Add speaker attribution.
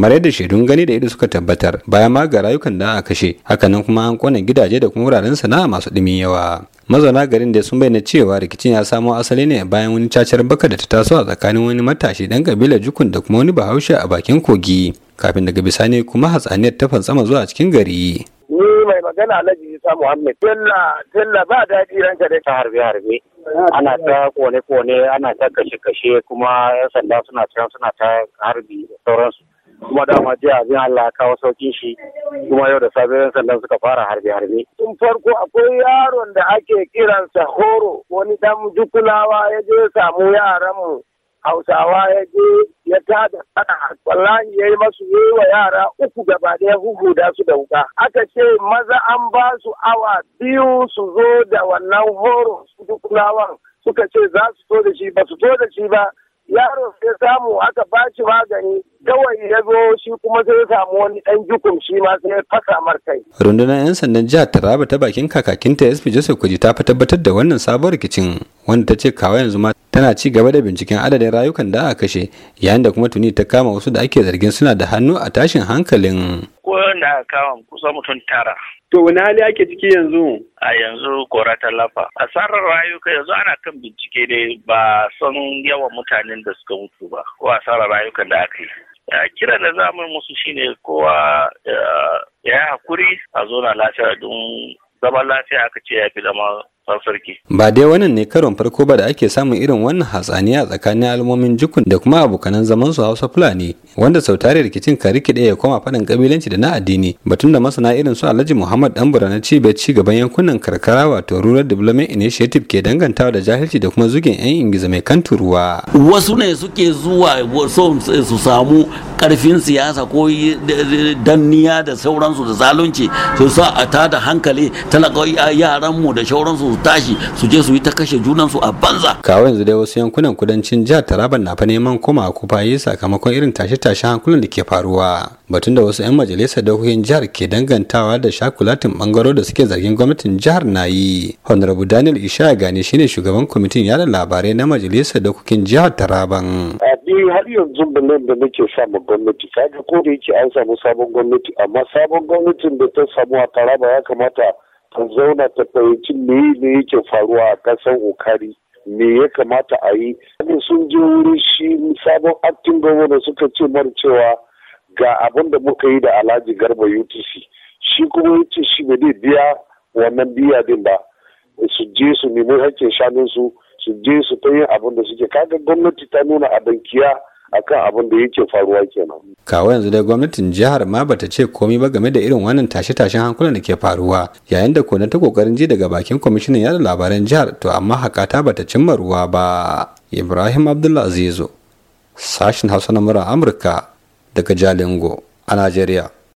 Speaker 1: kamar yadda shaidun gani da ido suka tabbatar bayan ma ga rayukan da aka kashe hakanan kuma an kone gidaje da kuma wuraren sana'a masu ɗimin yawa mazauna garin da sun bayyana cewa rikicin ya samo asali ne bayan wani cacar baka da ta taso a tsakanin wani matashi dan kabilar jukun da kuma wani bahaushe a bakin kogi kafin daga bisani kuma hatsaniyar ta fantsama zuwa cikin gari
Speaker 2: ni mai magana alhaji isa muhammad tella tella ba daɗi ranka dai ta harbe harbe ana ta kone kone ana ta kashe kashe kuma yan sanda suna can suna ta harbi da sauransu kuma dama jiya abin Allah ya kawo saukin shi kuma yau da safe yan suka fara harbe harbe tun farko akwai yaron da ake kiransa horo wani dan jukulawa ya je samu yaran mu hausawa ya je ya tada sana wallahi ya yi masu yi wa yara uku gaba ɗaya huhuda su da wuka aka ce maza an ba su awa biyu su zo da wannan horo su dukulawan suka ce za su so da shi ba su so da shi ba yaro sai samu aka ba shi magani kawai ya zo shi kuma sai ya samu wani dan jukum shi ma sai ya fasa markai.
Speaker 1: Rundunar 'yan sandan jihar Taraba ta bakin kakakinta SP Joseph kuji ta fi tabbatar da wannan sabuwar rikicin wanda ta ce kawo yanzu ma tana ci gaba da binciken adadin rayukan da aka kashe yayin da kuma tuni ta kama wasu da ake zargin suna da hannu a tashin hankalin.
Speaker 2: Ko da kama kusa mutum tara. To wani hali ake ciki yanzu? A yanzu kora ta lafa. Asarar rayuka yanzu ana kan bincike ne ba son yawan mutanen da suka mutu ba ko a asarar rayukan da aka yi. Eh, kira da za mu musu shine kowa eh, ya yi hakuri a zo na lafiya don
Speaker 3: zaman lafiya aka ce ya fi zama sarki.
Speaker 1: Ba dai wannan ne karon farko ba da ake samun irin wannan hatsaniya tsakanin al'ummomin jukun da kuma abokanan zaman su Hausa Fulani wanda sau tare rikicin karikide ya koma faɗin kabilanci da na addini batun da masana irin su Alhaji Muhammad Dambura na cibiyar ci gaban yankunan karkara wato Rural Development Initiative ke dangantawa da jahilci da kuma zugin 'yan Ingiza mai kanturuwa.
Speaker 2: Wasu ne suke zuwa su samu karfin siyasa ko danniya da sauransu da zalunci su sa a tada hankali yaran mu da sauransu tashi su je su yi ta kashe junan su a banza
Speaker 1: kawo yanzu dai wasu yankunan kudancin jihar taraba na fa neman koma kufaye sakamakon irin tashe-tashe hankulan da ke faruwa batun da wasu 'yan majalisar dokokin jihar ke dangantawa da shakulatin bangaro da suke zargin gwamnatin jihar na yi honorable daniel ishaya gani shine shugaban kwamitin yada labarai na majalisar dokokin jihar taraban
Speaker 3: ni har yanzu nan da nake samu gwamnati kaga ko da yake an samu sabon gwamnati amma sabon gwamnatin da ta samu a taraba ya kamata ta zauna ta fahimci me ne yake faruwa a ƙasar okari me ya kamata a yi sun je wurin shi sabon aktin gwamna suka ce mar cewa ga abin da muka yi da alhaji garba utc shi kuma ya ce shi bai biya wannan biya din ba su je su nemi hakkin shanun su su je su ta yin abin da suke kaga gwamnati ta nuna a kiya akan abin da yake faruwa kenan.
Speaker 1: Kawo yanzu dai gwamnatin jihar ma bata ce komi ba game da irin wannan tashe-tashen hankulan da ke faruwa yayin da kona ta kokarin ji daga bakin kwamishinan yada labaran jihar to amma hakata bata cimma ruwa ba. Ibrahim Abdullahi sashen sashin Hausa na Amurka daga Jalingo a Najeriya.